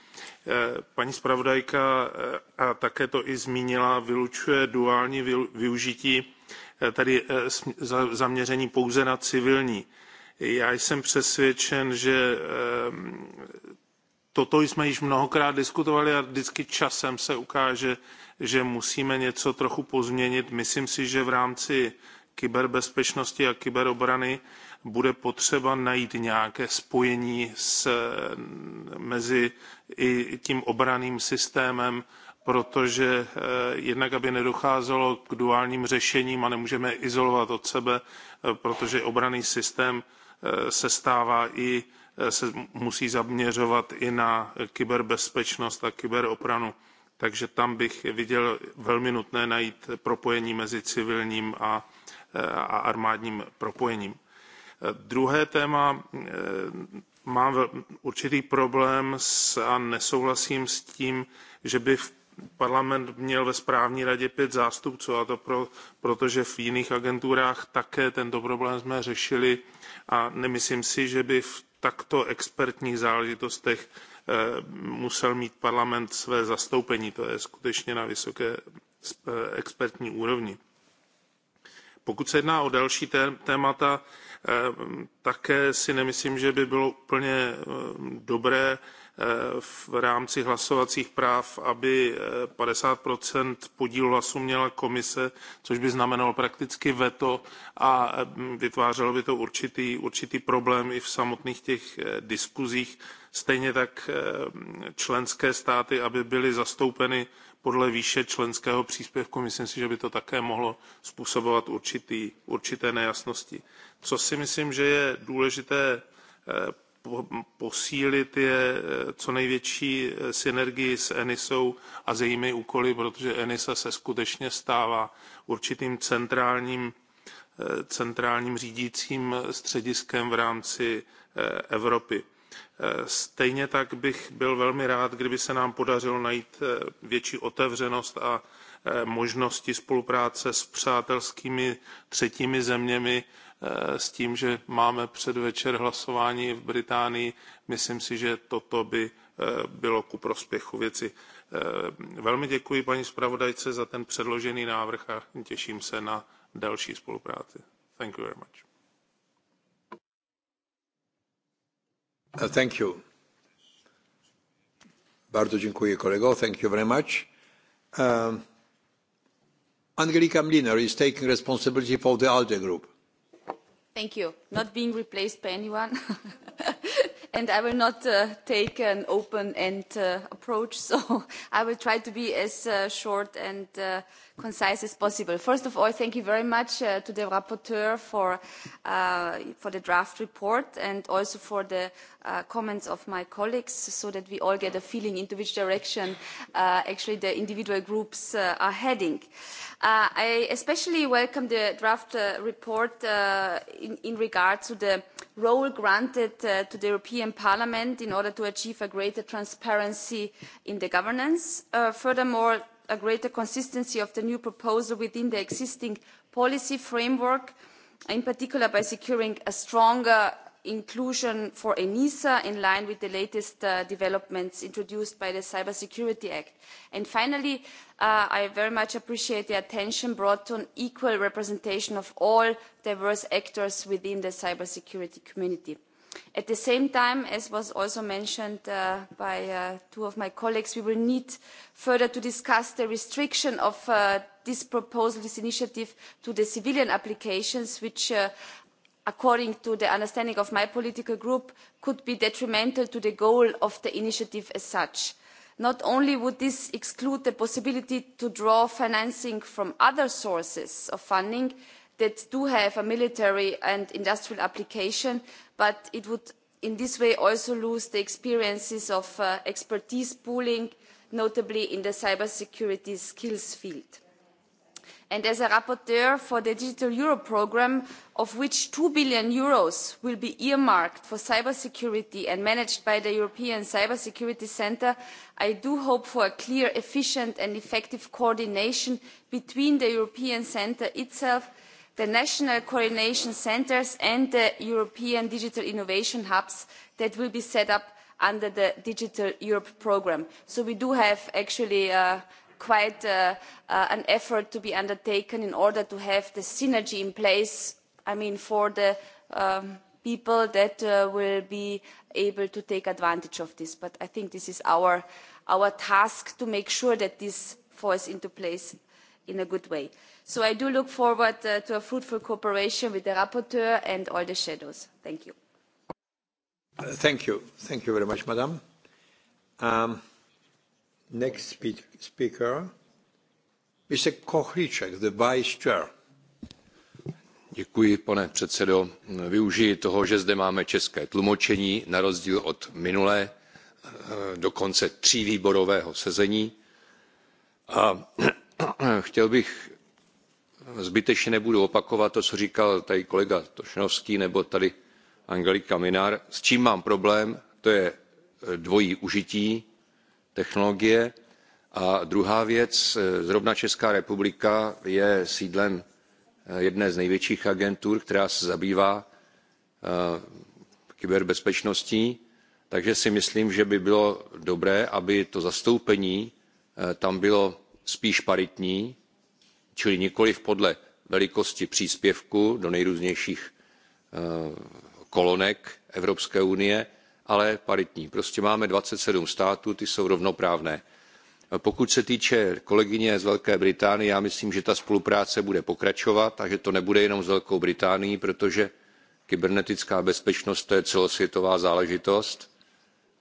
Paní zpravodajka, a také to i zmínila, vylučuje duální využití, tedy zaměření pouze na civilní Já jsem přesvědčen, že ehm, toto jsme již mnohokrát diskutovali a vždycky časem se ukáže, že musíme něco trochu pozměnit. Myslím si, že v rámci kyberbezpečnosti a kyberobrany bude potřeba najít nějaké spojení s, mezi i tím obraným systémem, protože eh, jednak, aby nedocházelo k duálním řešením a nemůžeme izolovat od sebe, eh, protože obranný systém E, se stává i e, se musí zaměřovat i na kyberbezpečnost a kyberopranu. Takže tam bych viděl velmi nutné najít propojení mezi civilním a, e, a armádním propojením. Druhé téma, mám určitý problém a nesouhlasím s tím, že by parlament měl ve správní radě pět zástupců, a to protože v jiných agenturách také tento problém jsme řešili a nemyslím si, že by v takto expertních záležitostech eh, musel mít parlament své zastoupení. To je skutečně na vysoké eh, expertní úrovni. Pokud se jedná o další témata, eh, také si nemyslím, že by bylo úplně dobré v rámci hlasovacích práv, aby 50 eh, podílu hlasu měla komise, což by znamenalo prakticky veto a mm, vytvářelo by to určitý, určitý problém i v samotných těch eh, diskuzích. Stejně tak eh, členské státy, aby byly zastoupeny podle výše členského příspěvku, myslím si, že by to také mohlo způsobovat určitý, určité nejasnosti. Co si myslím, že je důležité posílit je eh, co největší eh, synergii s enisou a s jejími úkoly protože enisa se skutečně stává určitým centrálním, eh, centrálním řídícím střediskem v rámci evropy. stejně tak bych byl velmi rád kdyby se nám podařilo najít větší otevřenost a možnosti spolupráce s přátelskými třetími zeměmi Eh, s tím, že máme předvečer hlasování v Británii, myslím si, že toto by eh, bylo ku prospěchu věci. Eh, velmi děkuji paní zpravodajce za ten předložený návrh a těším se na další spolupráci. Thank you very much. Uh, thank you. Bardzo dziękuję kolego. Thank you very much. Um, Angelika Mliner is taking responsibility for the ALDE group. Thank you. Not being replaced by anyone. [LAUGHS] and I will not uh, take an open-end uh, approach, [LAUGHS] so I will try to be as uh, short and uh, concise as possible. First of all, thank you very much uh, to the rapporteur for, uh, for the draft report and also for the Uh, comments of my colleagues so that we all get a feeling into which direction uh, actually the individual groups uh, are heading. I especially welcome the draft report in, in regard to the role granted to the European Parliament in order to achieve a greater transparency in the governance. Furthermore, a greater consistency of the new proposal within the existing policy framework in particular by securing a stronger inclusion for enisa in line with the latest uh, developments introduced by the cybersecurity act and finally uh, i very much appreciate the attention brought to equal representation of all diverse actors within the cybersecurity community at the same time as was also mentioned uh, by two of my colleagues we will need further to discuss the restriction of this proposal this initiative to the civilian applications which according to the understanding of my political group could be detrimental to the goal of the initiative as such. not only would this exclude the possibility to draw financing from other sources of funding that do have a military and industrial application but it would in this way also lose the experiences of uh, expertise pooling notably in the cybersecurity skills field and as a rapporteur for the digital europe programme of which eur two billion will be earmarked for cybersecurity and managed by the european cybersecurity centre i do hope for a clear efficient and effective coordination between the european centre itself the national coordination centres and the european digital innovation hubs that will be set up under the digital europe programme so we do have actually a... Uh, quite an effort to be undertaken in order to have the synergy in place i mean for the um, people that uh, will be able to take advantage of this but i think this is our our task to make sure that this falls into place in a good way so i do look forward uh, to a fruitful cooperation with the rapporteur and all the shadows thank you uh, thank you very much madam um, Next speaker, the vice chair. Děkuji, pane předsedo. Využiji toho, že zde máme české tlumočení, na rozdíl od minulé, eh, dokonce tří výborového sezení. A [CLEARS THROAT] chtěl bych, zbytečně nebudu opakovat to, co říkal tady kolega Tošnovský nebo tady Angelika Minár. S čím mám problém, to je eh, dvojí užití technologie. A druhá věc, e, zrovna Česká republika je sídlem e, jedné z největších agentur, která se zabývá e, kyberbezpečností, takže si myslím, že by bylo dobré, aby to zastoupení tam bylo spíš paritní, čili nikoliv podle velikosti příspěvku do nejrůznějších kolonek Evropské unie, ale paritní. Prostě máme 27 států, ty jsou rovnoprávné. Pokud se týče kolegyně z Velké Británie, já myslím, že ta spolupráce bude pokračovat a že to nebude jenom s Velkou Británií, protože kybernetická bezpečnost to je celosvětová záležitost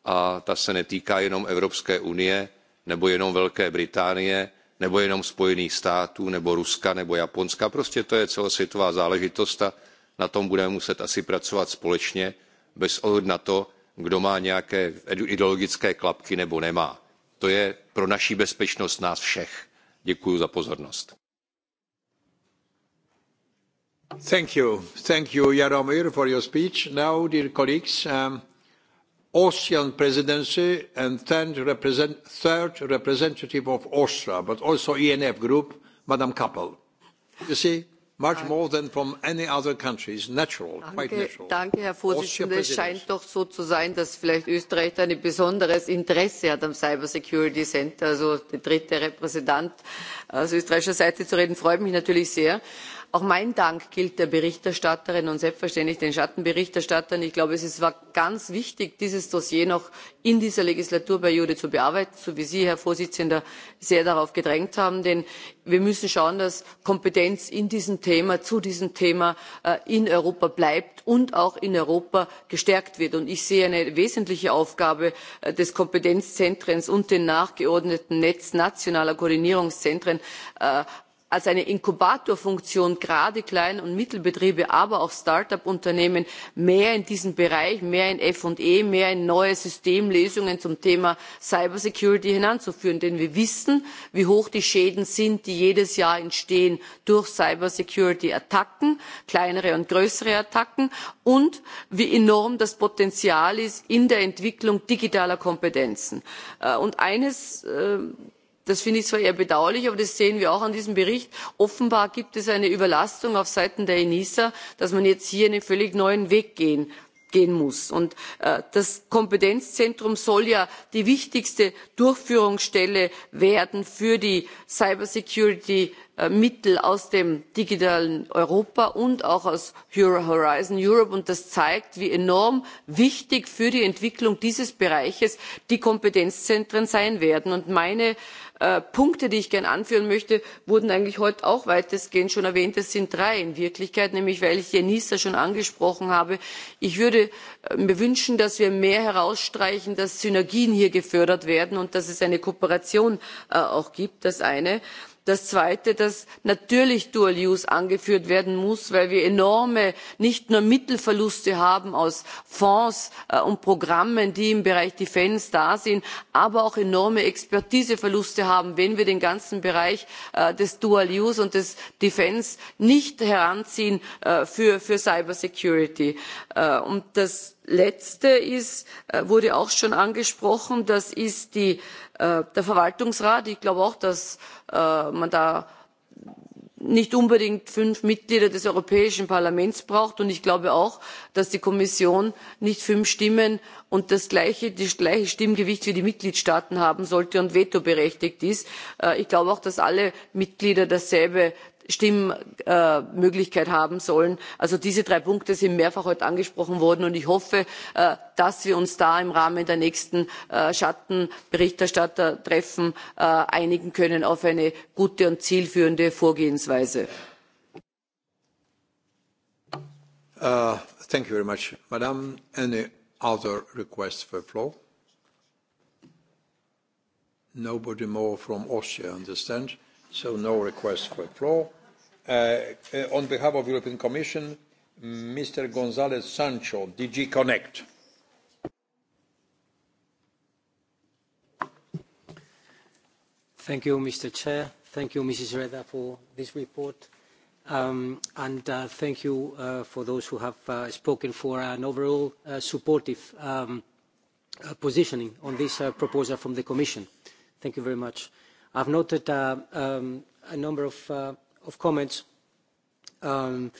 a ta se netýká jenom Evropské unie nebo jenom Velké Británie nebo jenom Spojených států nebo Ruska nebo Japonska. Prostě to je celosvětová záležitost a na tom budeme muset asi pracovat společně bez ohledu na to, kdo má nějaké ideologické klapky nebo nemá. To je pro naši bezpečnost nás všech. Děkuji za pozornost. Thank you. Thank you, Jaromir, for your speech. Now, dear colleagues, um, Austrian presidency and third, represent, third representative of Austria, but also ENF group, Madam Kappel. You see, much more than from any other country. It's natural, quite natural. Danke, Herr Vorsitzender. Es scheint doch so zu sein, dass vielleicht Österreich ein besonderes Interesse hat am Cyber Security Center, also der dritte Repräsentant aus österreichischer Seite zu reden, freut mich natürlich sehr auch mein dank gilt der berichterstatterin und selbstverständlich den schattenberichterstattern. ich glaube es war ganz wichtig dieses dossier noch in dieser legislaturperiode zu bearbeiten so wie sie herr vorsitzender sehr darauf gedrängt haben denn wir müssen schauen dass kompetenz in diesem thema zu diesem thema äh, in europa bleibt und auch in europa gestärkt wird. ich sehe eine wesentliche aufgabe äh, des kompetenzzentrums und des nachgeordneten netzes nationaler koordinierungszentren äh, als eine inkubatorfunktion gerade klein und mittelbetriebe aber auch start up unternehmen mehr in diesen bereich mehr in fe mehr in neue systemlösungen zum thema Cybersecurity hineinzuführen denn wir wissen wie hoch die schäden sind die jedes jahr entstehen durch Cybersecurity attacken kleinere und größere attacken und wie enorm das potenzial ist in der entwicklung digitaler kompetenzen. Äh, und eines äh, das finde ich zwar eher bedauerlich aber das sehen wir auch an diesem bericht offenbar gibt es eine überlastung auf seiten der enisa dass man jetzt hier einen völlig neuen weg gehen gehen muss. Äh, das kompetenzzentrum soll ja die wichtigste durchführungsstelle werden für die cybersicherheit äh, mittel aus dem digitalen europa und auch aus horizon europe und das zeigt wie enorm wichtig für die entwicklung dieses bereiches die kompetenzzentren sein werden. meine Äh, punkte die ich gerne anführen möchte wurden eigentlich heute auch weitestgehend schon erwähnt es sind drei in wirklichkeit nämlich weil ich enisa schon angesprochen habe ich würde äh, mir wünschen dass wir mehr herausstreichen dass synergien hier gefördert werden und dass es eine kooperation äh, auch gibt das eine das zweite dass natürlich dual use angeführt werden muss weil wir enorme nicht nur mittelverluste haben aus fonds äh, und programmen die im bereich defence da sind aber auch enorme expertiseverluste haben wenn wir den ganzen bereich äh, des dual use und des defence nicht heranziehen äh, für cyber security. und letzte ist, äh, wurde auch schon angesprochen, das ist äh, der Verwaltungsrat. Ich glaube auch, dass äh, man da nicht unbedingt fünf Mitglieder des Europäischen Parlaments braucht. Und ich glaube auch, dass die Kommission nicht fünf Stimmen und das gleiche, das gleiche Stimmgewicht wie die Mitgliedstaaten haben sollte und vetoberechtigt ist. Ich glaube auch, dass alle Mitglieder dasselbe Stimmmöglichkeit haben sollen. Also diese drei Punkte sind mehrfach heute angesprochen worden und ich hoffe, äh, dass wir uns da im Rahmen der nächsten äh, Schattenberichterstattertreffen äh, einigen können auf eine gute und zielführende Vorgehensweise. thank you very much. other for floor? Nobody more from So no request for floor. Uh, uh on behalf of European Commission, Mr. Gonzalez Sancho, DG Connect. Thank you, Mr. Chair. Thank you, Mrs. Reda, for this report. Um, and uh, thank you uh, for those who have uh, spoken for an overall uh, supportive um, uh, positioning on this proposal from the Commission. Thank you very much. I've noted uh, um, a number of, uh, of comments um,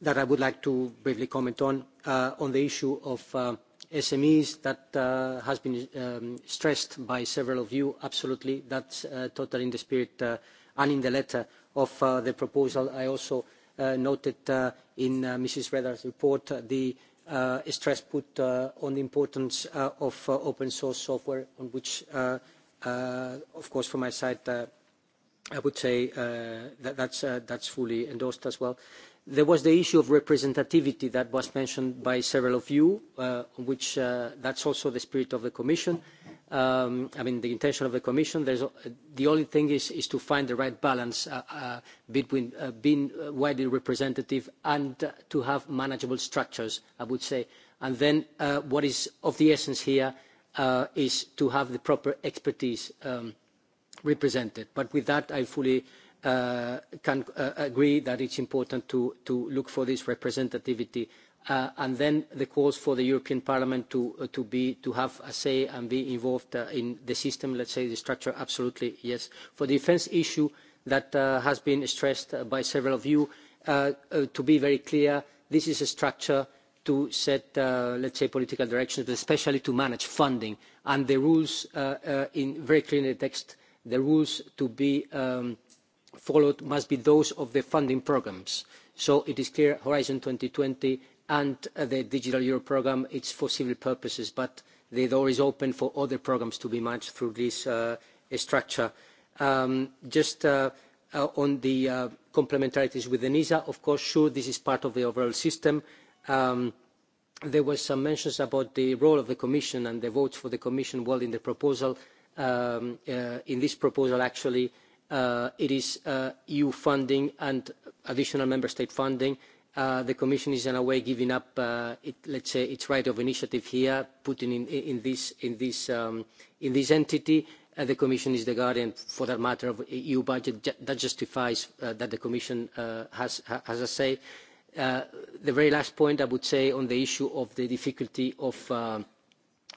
that I would like to briefly comment on, uh, on the issue of uh, SMEs that uh, has been um, stressed by several of you. Absolutely, that's uh, totally in the spirit uh, and in the letter of uh, the proposal. I also uh, noted uh, in uh, Mrs. Reda's report uh, the uh, stress put uh, on the importance uh, of uh, open source software on which uh, Uh, of course, from my side, uh, I would say uh, that that's, uh, that's fully endorsed as well. There was the issue of representativity that was mentioned by several of you, uh, which uh, that's also the spirit of the Commission. Um, I mean, the intention of the Commission. There's, the only thing is, is to find the right balance between being widely representative and to have manageable structures, I would say. And then what is of the essence here Uh, is to have the proper expertise um, represented. But with that, I fully uh, can uh, agree that it's important to, look for this representativity and then the calls for the European Parliament to, be, to have a say and be involved in the system, let's say the structure, absolutely, yes. For the defence issue that has been stressed by several of you, to be very clear, this is a structure to set, uh, let's say, political direction, but especially to manage funding and the rules uh, uh, in very clear in the text. The rules to be um, followed must be those of the funding programs. So it is clear Horizon 2020 and the Digital Euro programme it's for civil purposes, but the door is open for other programs to be managed through this structure. Um, just on the complementarities with the NISA, of course, sure, this is part of the overall system Um, there were some mentions about the role of the Commission and the votes for the Commission. Well, in the proposal, um, uh, in this proposal, actually, uh, it is uh, EU funding and additional member state funding. Uh, the Commission is in a way giving up, uh, let's say, its right of initiative here, putting in, in, this, in, this, um, in this entity. Uh, the Commission is the guardian, for that matter, of EU budget. That justifies uh, that the Commission uh, has, has a say. Uh, the very last point I would say on the issue of the difficulty of, uh,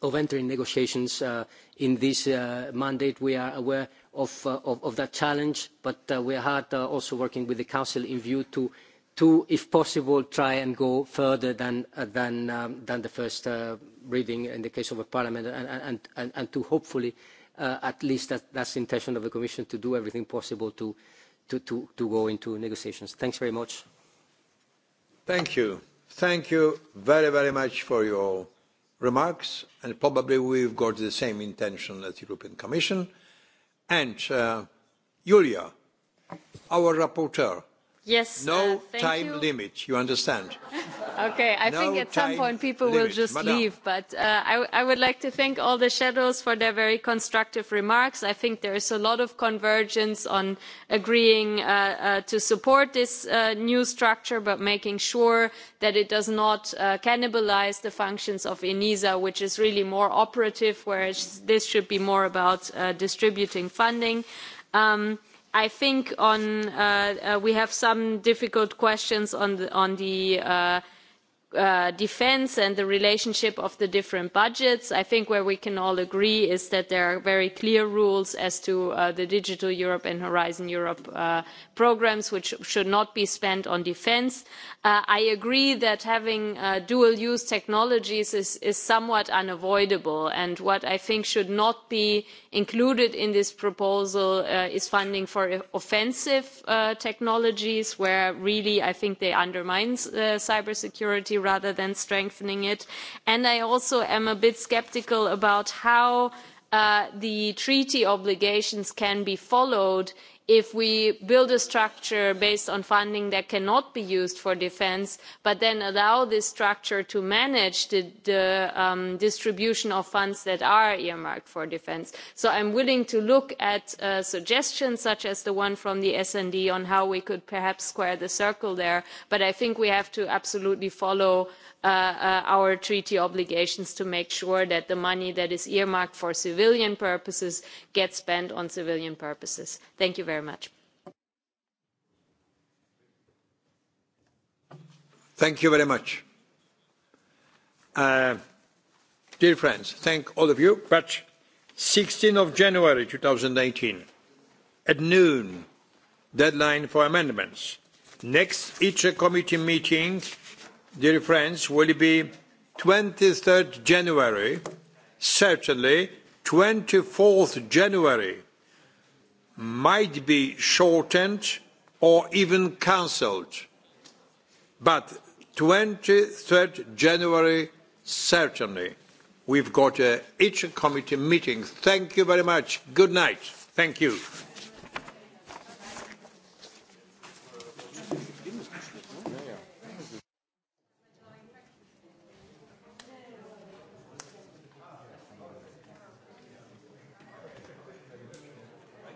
of entering negotiations uh, in this mandate, we are aware of, of, that challenge, but we are hard also working with the Council in view to, to if possible, try and go further than, than, um, than the first reading in the case of a parliament and, and, and, to hopefully, at least that, that's the intention of the Commission, to do everything possible to, to, to go into negotiations. Thanks very much. Thank you. Thank you very, very much for your remarks, and probably we've got the same intention as the European Commission. And uh, Julia, our rapporteur, Yes. No uh, time limit, you understand. [LAUGHS] Okay, I think at some point people will just leave, but uh, I, I would like to thank all the shadows for their very constructive remarks. I think there is a lot of convergence on agreeing uh, uh to support this uh, new structure, but making sure that it does not uh, cannibalize the functions of ENISA, which is really more operative, whereas this should be more about distributing funding. Um, i think on uh, uh, we have some difficult questions on the, on the uh, Uh, defence and the relationship of the different budgets i think where we can all agree is that there are very clear rules as to uh, the digital europe and horizon europe uh, programmes which should not be spent on defence. i agree that having dual use technologies is, is somewhat unavoidable and what i think should not be included in this proposal is funding for offensive technologies where really i think they undermine cybersecurity rather than strengthening it and i also am a bit sceptical about how uh, the treaty obligations can be followed if we build a structure based on funding that cannot be used for defence but then allow this structure to manage the, um, distribution of funds that are earmarked for defence. so i'm willing to look at uh, suggestions such as the one from the sd on how we could perhaps square the circle there but i think we have to absolutely follow Uh, uh, our treaty obligations to make sure that the money that is earmarked for civilian purposes gets spent on civilian purposes. Thank you very much. Thank you very much. Uh, dear friends, thank all of you. But 16 of January 2018 at noon, deadline for amendments. Next ITRE committee meeting dear friends, will be 23rd January, certainly 24th January, might be shortened or even cancelled, but 23rd January, certainly. We've got a uh, each committee meeting. Thank you very much. Good night. Thank you.